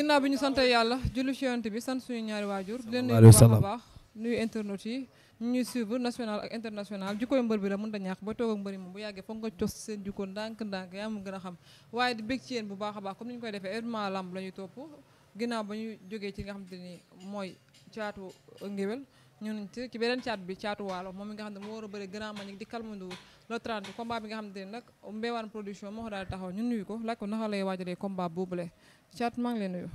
ginnaaw bi ñu sant yàlla julli ci bi sant suñu ñaari waajur di leen nuyu bu baax a baax nuyu internet yi ñuy suivre national ak international jikkoy mbër bi la mën ta ñàkk ba toog ak mbëri moom bu yàggee foog nga cos seen jikko ndànk ndànk yaa mu gën a xam waaye di ci yéen bu baax a baax comme ni ñu koy defee événement lamb la ñuy topp ginnaaw ba ñu jógee ci nga xam te ni mooy caatu ngéwél ñun ci beneen caat bi caatu waalo moom a bëri ne nag Mbewaan production moo ko daal taxaw ñun nuyu ko laaj ko naka lay waajalee combat boobule caat maa ngi lay nuyu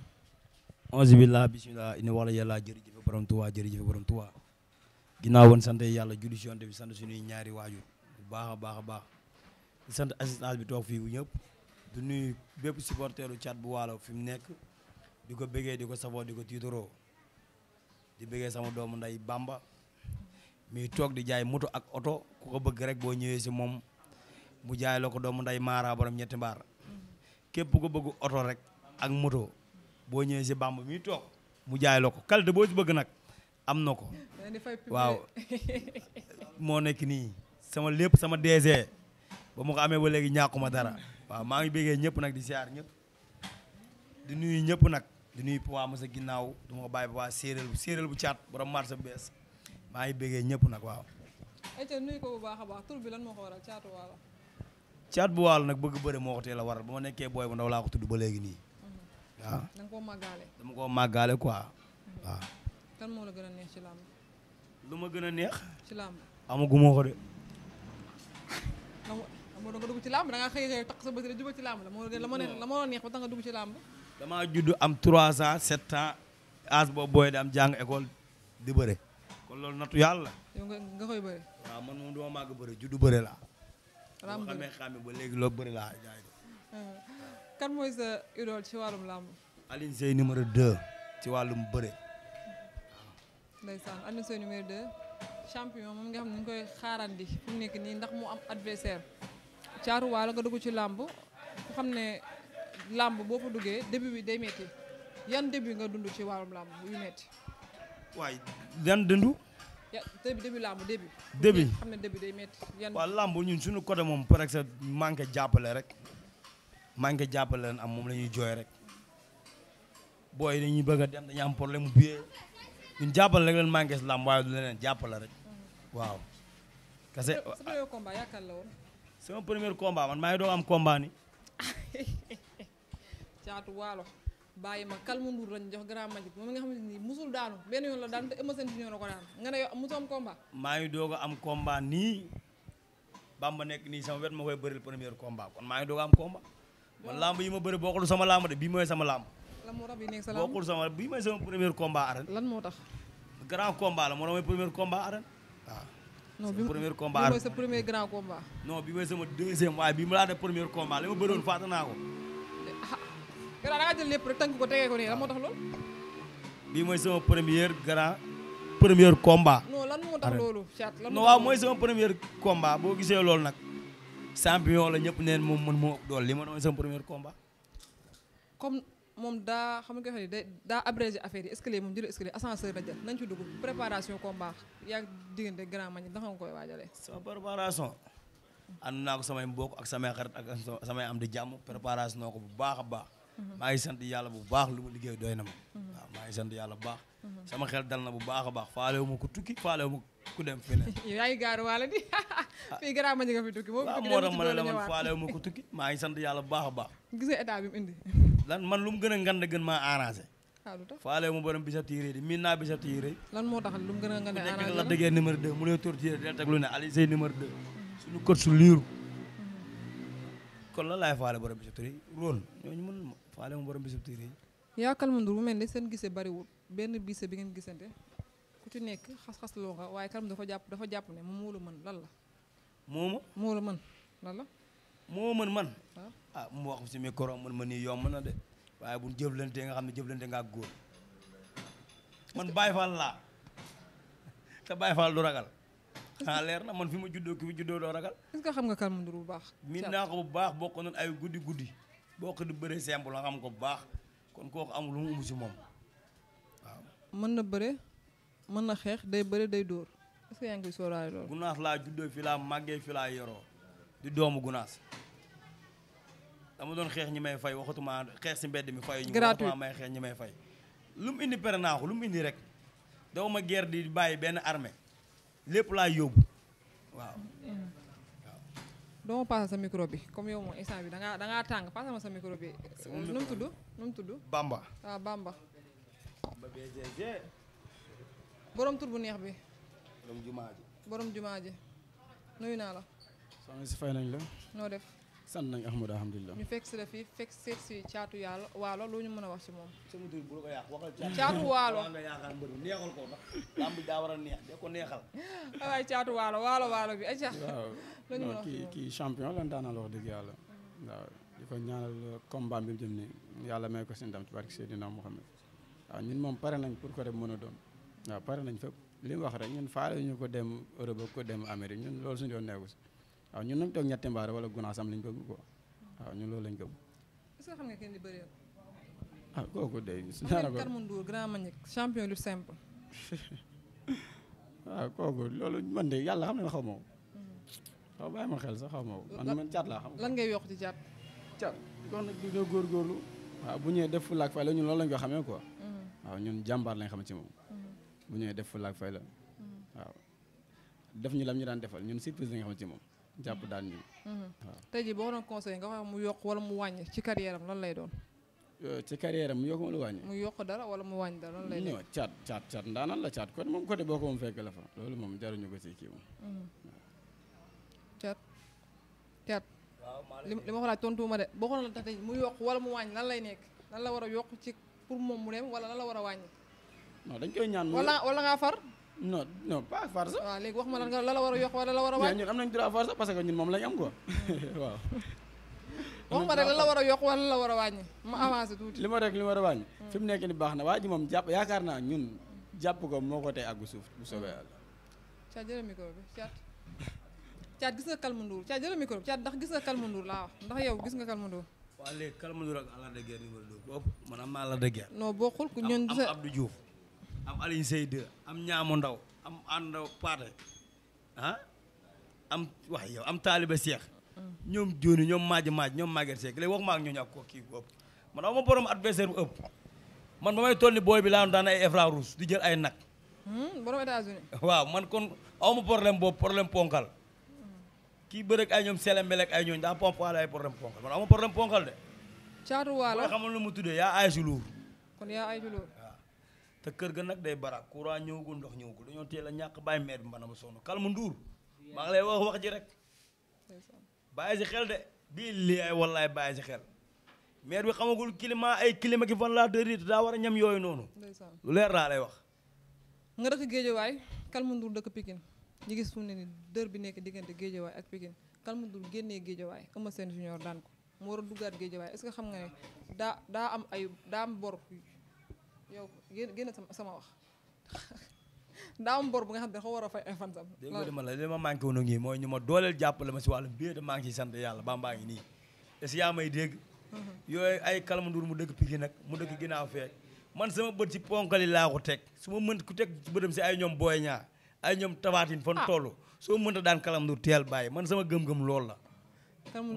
onze billah bismillah ini wala yàlla jërëjëfe borom Tuubaa jërëjëfe borom Tuubaa ginnaaw woon sante yàlla julli si yonte bi sant suñuy ñaari waajur bu baax a baax a baax di sant assistance bi toog fii bu ñëpp du nuyu bépp supporteru caat bu waalo fi mu nekk di ko bëggee di ko safoo di ko tiitoroo di bëggee sama doomu nday Bamba mi toog di jaay moto ak oto ku ko bëgg rek boo ñëwee si moom mu jaay la ko doomu nday Mara borom ñetti mbaar képp ku ko bëgg oto rek ak moto boo ñëwee si Bamba mi toog mu jaay la ko qualité boo si bëgg nag am na ko. waaw moo nekk nii sama lépp sama DG ba mu ko amee ba léegi ñàkkuma dara waaw maa ngi bëggee ñëpp nag di siyaar ñëpp di nuyu ñëpp nag. di nuyu waa Moussa ginnaaw du ma ko bàyyi ba waa séeréer bu séeréer bu caat borom marché bees maa ngi bëggee ñëpp nag waaw. ayca nuyu ko bu baax a baax tur bi lan moo ko waral caatu waalo. caat bu waalo nag bëgg bëre moo ko teel a waral ba ma nekkee booy bu ndaw laa ko tudd ba léegi nii. Mhm. waaw da koo màggaale. dama koo màggaale quoi mhm. waaw. kan moo la gën a neex ci làmb. ma gën a neex. ci làmb amaguma ko de. moo doon nga dugg ci làmb da nga xëy xëy takk sa bët rek juba ci làmb la moo la neex ba tax nga dugg ci làmb. damaa judd am trois ans 7 ans âge boobu booy daam am jàng école di bëre kon loolu nattu yàlla. yow nga koy bëre. waaw man moom dama màgg bëre juddu bëre laa. bëre ba léegi loolu bëre laa jaay uh, kan mooy sa idole ci wàllum làmb. Alioune Seye numéro 2 ci wàllum bëre. ndeysaan Alioune Seye numéro 2 champion moom nga xam ne ñu koy xaarandi fu mu nekk nii ndax mu am adversaire caaru waalo nga dugg ci làmb xam ne. làmb boo fa duggee début bi day metti yan début nga dund ci wàllum làmb yu metti waay yan dund. ya début début làmb début. début xam ne début day metti yan. waaw làmb ñun suñu côté moom par exemple manqué jàppale rek manqué jàppale leen am moom la ñuy jooy rek booy dañuy bëgg a dem dañuy am problème mu biyee ñun jàppale rek leen manqué si làmb waaye jàppale rek mhm. waaw. parce que sama premier combat yaakaar la woon. sama premier combat maa ngi doon am combat caatu waalo bàyyi ma kalmu nduur lañ jox grand majid moom mi nga xamante ni musul daanu benn yoon la daan te Eumeu Sène la ko daan nga ne yow musoom combat maa ngi doog a am combat nii bamba nekk nii sama wet ma koy bëril premier combat kon a yi ma bëri bokkul sama lamb de bii sama lamb lan moo tax bii nekk sa lamb lan moo tax grand combat la moo tax mooy premier combat arène waaw ah. non bi premier combat bi mooy sa premier grand combat non bi sama deuxième waaye bi ma laa def premier combat li ma bëroon fàtte ko grand da jël lépp rek tënk ko tegee ko nii lan moo tax loolu. bii mooy sama première grand premier combat. non lan moo tax loolu. Thiat lan moo waaw mooy sama premier combat boo gisee loolu nag. champion la ñëpp neen moom li ma doon sama premier combat. daa xam nga ni daa abrégé affaire yi escalier moom jël nañ ci dugg préparation combat yaa diggante grand man ndax nga koy sama préparation. ko ak samay xarit ak di jàmm préparation ko bu baax a baax. Mhm. maa ngi sant yàlla bu baax lu ma liggéey doy na ma. Mhm. maa ngi sant yàlla bu baax. Mhm. sama xel dal na bu baax a baax faalewu ma ku tukki faalewu ma ku dem feneen. yaa ngi gaaru waala di ah. fii garaaw ma nga fi moo tax ma ne la man faalewu tukki maa ngi sant yàlla bu baax a baax. lan man lu mu gën a ngand gën maa arrangé. waaw ah, lu tax faalewu ma borom bisab tiiré di miin naa bisab tiiré. lan moo tax lu mu gën a ngand arrangé la. ku nekk la déggee numéro 2 mu lay torturé del teg lu ne Aliou Seye numéro suñu kër su liiru kon lan laay faale borom bisub tur yi róon ñooñu mënul ma faale mu borom bisub tur yi yaakal ma ndur mu mel ni seen gisee bariwul benn bise bi ngeen gisante ku ci nekk xas-xas loo nga waaye Kalm dafa jàpp dafa jàpp ne moo la mën lan moo la mën lan la moo mën man ah, ah mu wax si micro mën ma nii yomb na de waaye bu jëflantee nga xam ne jëflante nga ak góor man Baye Fall laa te Baye Fall du ragal Ah, leer na man fi ma juddoo ki ragal. est xam nga Kalma Ndour bu baax. miin naa ko bu baax bokk nañ ay guddi guddi bokk di bëre simple la xam ko bu baax kon kooku amul lu mu umu si moom waaw. na bëre mën na xeex day bëre day dóor est-ce que yaa ngi koy sóoraale laa juddoo fi laa màggee fi laa yoroo di doomu gunaas dama doon xeex ñi may fay waxatuma xeex si mbedd mi fayu ñu waxatuma may xeex ñi may fay. lu mu indi pere naaxu lu mu indi rek doo ma guerre di bàyyi benn armée lépp laa yóbbu waaw. doo sa micro bi comme yow moom instant bi da ngaa tàng paasal ma sa micro bi. nu mu tudd nu mu tudd. Bamba waaw ah, Bamba. borom tur bu neex bi. borom jumaa ji. borom ji nuyu naa la. soxna fay nañ la. noo def. sant nañ Ahmadu alhamdulilah. ñu fekk si la fii fekk seet si caatu yàlla waalo lu ñu mën a wax si moom. la ko yàq waxal caatu. caatu waalo waaw nga yaakaar a neex de ko neexal. waaw caatu waalo waalo waalo bi. waaw non kii kii champion lan daanal wax dëgg yàlla. Mm-hmm. waaw di ko ñaanal combat bi mu jëm nii yàlla may ko si ndam ci barke Seydina Muhammad waaw ñun moom pare nañ pour ko dem mën a doon waaw pare nañ fépp li mu wax rek ñun faale ñu ko dem Europe ko dem Amérique ñun loolu suñu doon neeku si waaw ñun nañ toog ñetti mbaare wala gunaas am lañ bëgg quoi ko ñun loolu lañ gëm. est-ce que xam nga kenn di bëree ah kooku de. daanaka Karmu Ndour ah, kooku loolu man de yàlla xam ne xaw ma ko. xaw hmm. bàyyi ma xel sa xaw ma ko man man caat laa xam. lan ngay yokk ci caat. caat kon nag dañoo góorgóorlu. waaw bu ñëwee def fu laag fay la ñun loolu lañ ko xamee ko hmm. waaw ñun jàmbaar lañ xam ci moom. Hmm. bu ñëwee def fu laag fay la waaw. def ñu lam ñu daan defal ñun surprise lañ xam ci moom. jàpp daan ñu. Mhm. waaw tey jii boo doon conseil nga wax mu yokk wala mu wàññi ci carrière am lan lay doon. Euh, ci carrière mu yokk wala wàññi. mu yokk dara wala mu wàññi dara lan lay caat caat caat ndaanaan la caat moom ko moom fekk loolu moom jaruñu ko si kii moom. Mhm. li ma ko laaj ma de boo ko mu yokk wala mu wàññi lan lay nekk lan la war a yokk ci pour moom mu dem wala lan la war a wàññi. non dañ koy ñaan mu wala ngaa far. non non pas farce. waaw ah, léegi wax ma lan la la war a yokk wala la war a wàññi. ñun am nañ droit farce parce que ñun moom lañ am quoi hmm. waaw. wax ma rek la la war a yokk wala la war a wàññi ma avancé tuuti. li ma rek li ma war a wàññi. Hmm. fi mu nekk ni baax na waa ji moom jàpp yaakaar naa ñun jàpp ko moo ko tey àggu suuf bu soobee yàlla. caa jëlee micro bi caa caa gis nga Calme Ndour caa jëlee micro ndax gis nga Calme laa wax ndax yow gis nga Calme Ndour. waaw léegi Calme Ndour ak Lac de Guiers numéro 2 boobu man am naa Lac am Alioune Seye 2 am ñaamu ndaw am ànd paate ah, am wax yow am taaliba seex ñoom jooni ñoom maaji maaj ñoom Maguette Seck léegi waxuma ak ñooñu ak ko kii bu ëpp man awma borom adversaire bu ëpp man ba may toll ni booy bi laa daan ay efra rouge di jël ay nag hmm, borom États-Unis waaw man kon awma problème boobu problème ponkal kii bërëg ay ñoom selembelek ay ñooñu daa pompoal ay problème ponkal man awma problème ponkal de caatu waalo xam lu mu tuddee yaa ay luur te kër ga nag day barak courant ñëwagul ndox ñëwagul dañoo teel a ñàkk bàyyi meer bi mbana ma sonn Calme Ndour maa ngi lay wax wax ji rek bàyyi si xel de bii lii ay wallaay bàyyi si xel meer bi xamagul climat ay climat ki fan laa tëri daa war a ñam yooyu noonu lu leer laa lay wax nga dëkk géejawaay Calme Ndour dëkk Pikine ñu gis fu mu ne ni dër bi nekk diggante géejawaay ak Pikine Calme Ndour génnee géejawaay Eumeu Sène junior daan ko mu war a duggaat xam nga daa daa am ay daa bor yow génn sama wax daa am bu nga xam ne dafa war a fay ay fan sam dégg ma la li ma manqué woon ngi mooy ñu ma dooleel jàppale ma si wàllu biir te maa ngi ciy yàlla bambaa ngi nii est-ce yaa may dégg mhm. yooyu ay Kalma mu dëkk Pikine nag mu dëkk ginnaaw fee man sama bët si ponkali laa ko teg su ma mën ku teg bëtam si ay ñoom booy ñaa ay ñoom tabaatin fan ah. toll soo mënta daan Kalma teel bàyyi man sama gëm-gëm loolu la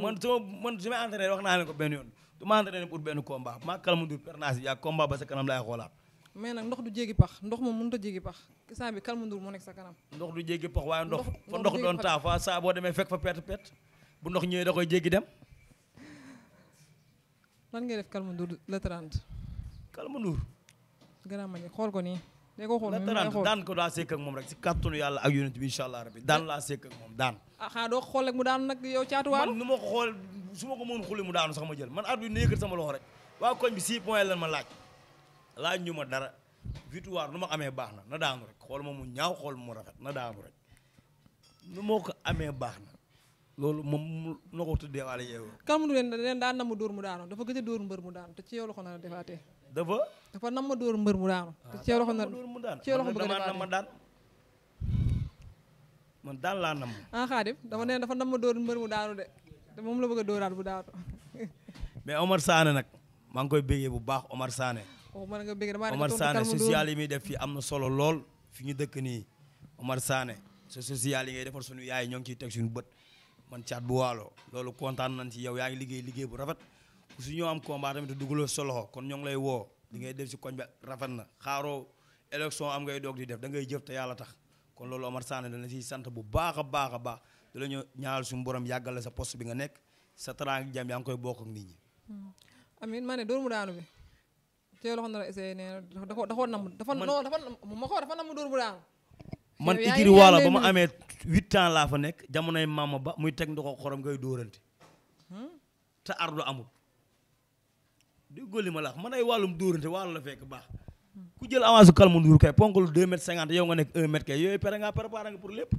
man sama man su may entraîné wax naa ne ko benn yoon du ma entraîné pour benn combat maa kalamu du pernaas yaa combat ba sa kanam laay xoolaat. mais nag ndox du jéggi pax ndox moom mënut a jéggi pax saa bi Calme Ndour mu nekk sa kanam. ndox du jéggi pax waaye ndox fa ndox doon taa fa saa demee fekk fa pet pet bu ndox ñëwee da koy jéggi dem. lan ngay def Calme Ndour le 30. Calme Ndour. gannaaw ma xool ko nii. de ko xool daan ko daa sekk ak moom rek si kàttanu yàlla ak yonent bi incha allah rabbi daan laa sekk ak moom daan. ah xanaa doo xool rek mu daanu nag ma ko xool su ma ko mën mu sax ma jël man at bi ne sama loxo rek waa koñ bi six point lan ñu ma dara victoire nu ma amee baax na na daanu rek xool ma mu ñaaw xool mu rafet na daanu rek nu ma ko amee baax na loolu moom na ko tuddee waale yeewu. kan mu leen daan na dóor mu daanu dafa gëj a dóor mbër mu daanu te ci yow la ko nar a defaatee. dafa nam ma dóor mbër mu daanu. waaw ah, dafa nam ma dóor mu a daan man daal laa nam. ah Xaadim ne dafa nam ma door mbër mu daanu de moom la bëgg a dóoraat bu daanu. mais Omar saane nag maa ngi koy béggee bu baax Omar Sané. waaw oh, man nga bégg damaa Omar Sané social yi def fii am na solo lool fi ñu dëkk nii Omar Sané sa social yi ngay defar suñu yaay ñoo ngi ciy teg suñu bët man caat bu waalo loolu kontaan nañ si yow yaa ngi liggéey liggéey bu rafet su ñoo am combat tamit dugaloo sa kon ñoo ngi lay woo li ngay def si koñ ba rafet na xaaroo élection am ngay doog di def da ngay jëf te yàlla tax kon loolu Omar Sané dana si sant bu baax a baax a baax di la ñu ñaanal suñu borom yàggale sa post bi nga nekk sa taraang jàmm yaa ngi koy bokk ak nit ñi. Hmm. amiin maa ne dóor mu bi. tey loxo na la essayé nee na dafa dafa nam dafa non dafa ma ko dafa nam dóor mu daanu. man Ikiri Waalo ba ma amee huit ans laa fa nekk maam maama ba muy teg ndoxu xorom ngay dóorante. Hmm. te ardu amul. déggoo li ma la man ay wàllum dóorante wàllu la fekk baax ku jël avance Kalmu Ndour kay ponkalu deux mètres cinquante yow nga nekk un mètre kay yooyu pare ngaa préparé nga pour lépp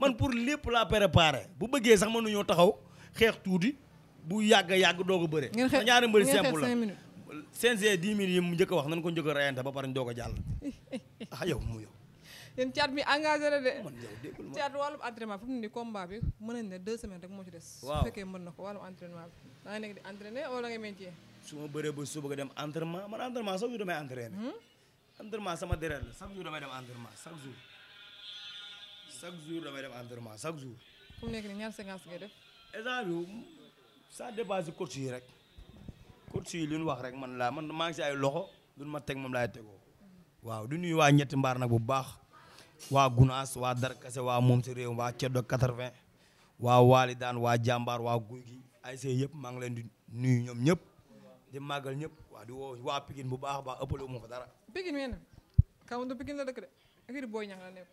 man pour lépp laa préparé bu bëggee sax mën nañoo taxaw xeex tuuti bu yàgg yàgg doog a bëre ñaari mbëri simple la CNG dix mille yi mu njëkk a wax nañ ko njëkk a rayante ba pare doog a jàll ah yow mu yow yéen caat mi engagé na de caat wàllum entraînement fi mu su ma bëree ba suba dem entraînement man entraînement chaque jour damay entraîné. Hmm? entraînement sama deret la chaque jour damay dem entraînement chaque jour chaque jour damay dem entraînement chaque jour. fu mu nekk nii ñaar séquence ngay def. exemple ça dépasse coach yi rek coach yi lu ñu wax rek man laa man maa ngi si ay loxo lu ma teg moom laay tegoo. waaw du nuyu waa ñetti mbaar nag bu baax waa Gunaas waa Darkase waa moom si réew waa Ceddo 80 waa Waali daan waa Jàmbaar waa Guy gi ay see yëpp maa ngi leen di nuyu ñoom ñëpp. di màggal ñëpp waa di woo waa Pikine bu baax a baax ëppale wu ma fa dara. Pikine meen kawoon Pikine la dëkk de écurie Boy Niang la nekk.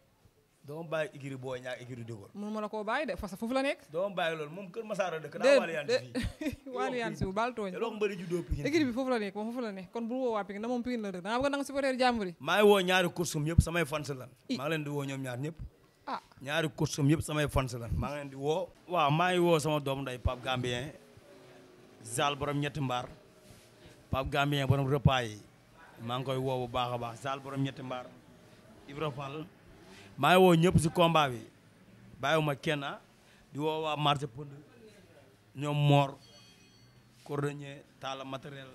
doo bàyyi écurie Boy Niang écurie Dégol. mun ma la koo bàyyi de fas foofu la nekk. doo bàyyi loolu moom Kër Masara dëkk daa waale yaan si fii. waale yaan si baal tooñ. te loo mbëri juddoo Pikine. écurie bi foofu la nekk moom foofu la nekk kon bu woo waa Pikine da moom Pikine la dëkk da ngaa bëgg nanga supporter jàmbur yi. maa ngi woo ñaari kursum yëpp samay fans lan. maa ngi leen di woo ñoom ñaar ñëpp. ah ñaari kursum yëpp samay fans lan maa ngi leen di woo. waaw maa ngi woo sama doom nday Pape Gambien Zal borom ñetti mbaar Pape Gambien borom repas yi maa ngi koy woo bu baax a baax Sall borom ñetti mbaar Ibra maa woo ñëpp si combat bi bàyyiwuma kenn ah, di woo waa marché pënd ñoom Mor cordonnier taala matériel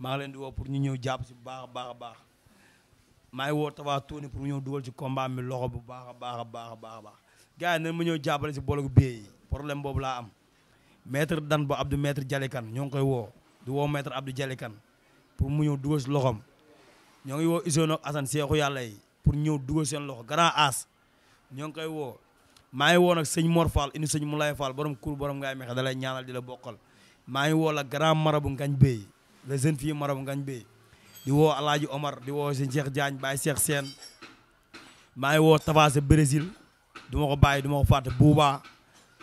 maa ngi leen di woo pour ñu ñëw jàpp si bu baax a baax a baax maa ngi woo Tapha Tony pour mu ñëw dugal ci combat mi loxo bu baax a baax a baax a baax a baax gars yi nañ ma ñëw jàppale si bologu bie yi boobu laa am maître dan bu Abdou maître Jalikan ñoo ngi koy woo du woo maître Abdou Jalikan pour mu ñëw dugal si loxoom ñoo ngi woo Isono ak Assane yàlla yi pour ñëw dugal seen loxo grand as ñoo ngi koy woo maa ngi woo nag sëñ moor Fall indi sëñ Moulay Fall borom kur borom ngaay mexe da lay ñaanal di la bokkal maa ngi woo la grand marabu ngañ bay la jeune fille marabu ngañ bay di woo Alaaji Omar di woo sëñ Cheikh Diagne Baye Cheikh seen maa ngi woo Tafase Brésil du ma ko bàyyi du ma ko fàtte Buuba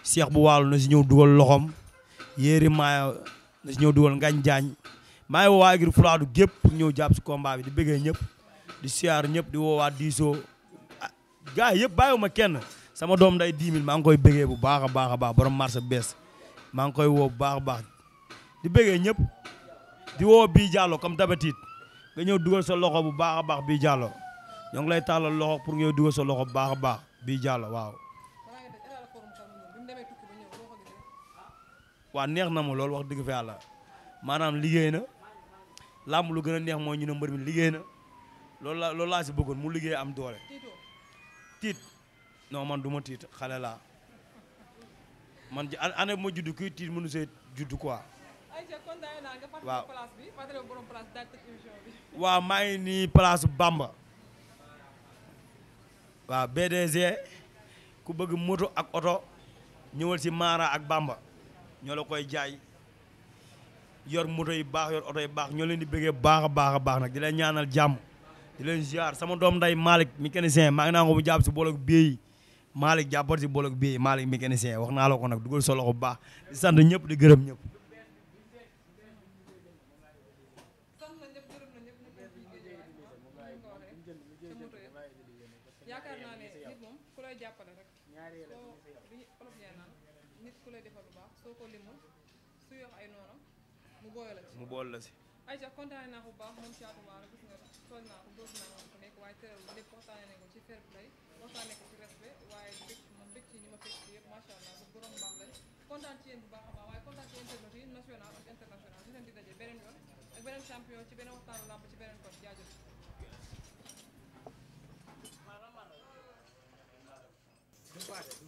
Cheikh bu waalu na si ñëw dugal loxoom yéeri maaya na si ñëw dugal ngañ jaañ maa ngi woo waa ngir Fulaadu gépp pour ñëw jàpp si combat bi di bëggee ñëpp di siyaar ñëpp di woo waa diisoo ah, gars yëpp bàyyiwuma kenn sama doom day 10 000 maa ngi koy bëggee bu baax a baax a baax borom marché bees maa ngi koy woo bu baax a baax di bëggee ñëpp di woo bii Diallo comme d'habitude nga ñëw dugal sa loxo bu baax a baax bii Diallo ñoo ngi lay tàllal loxo pour nga dugal sa loxo bu baax a baax bii Diallo waaw waa neex na ma lool wax dëgg fa yàlla maanaam liggéey na làmb lu gën a neex mooy ñu ne mbër mi liggéey na loolu la loolu laa si bëggoon mu liggéey am doole tiit non man du ma tiit xale laa man ji année bu ma judd kuy tiit mënu see judd quoi waaw waaw maa ngi nii place Bamba waaw BDG ku bëgg moto ak oto ñëwal si Mara ak Bamba ñoo la koy jaay yor moto yu baax yor oto yu baax ñoo leen di bëggee baax a baax a baax nag di leen ñaanal jàmm di leen ziar sama doom nday Malick mécanicien maa ngi naa ko bu jàpp si boolog bii Malick jàppal si boolog bii Malick mécanicien wax naa la ko nag dugal sa loxo bu baax di sant ñëpp di gërëm ñëpp. limon su yox ay noonam mu boole la ci mu bool la si ayca kontaane naa ko bu baax moom Thiatou a gis nga toog naa ko dóor naa ko nekk waaye tëral lépp waxtaane nañ ko ci fair play waxtaane ko ci respect waaye bëgg moom bëgg ci ñi ma fekk yëpp macha allah bu borom baax la kontaan ci yéen bu baax a baax waaye kontaan ci internautes yi national ak international ñu leen di daje beneen ci beneen waxtaanu làmb ci beneen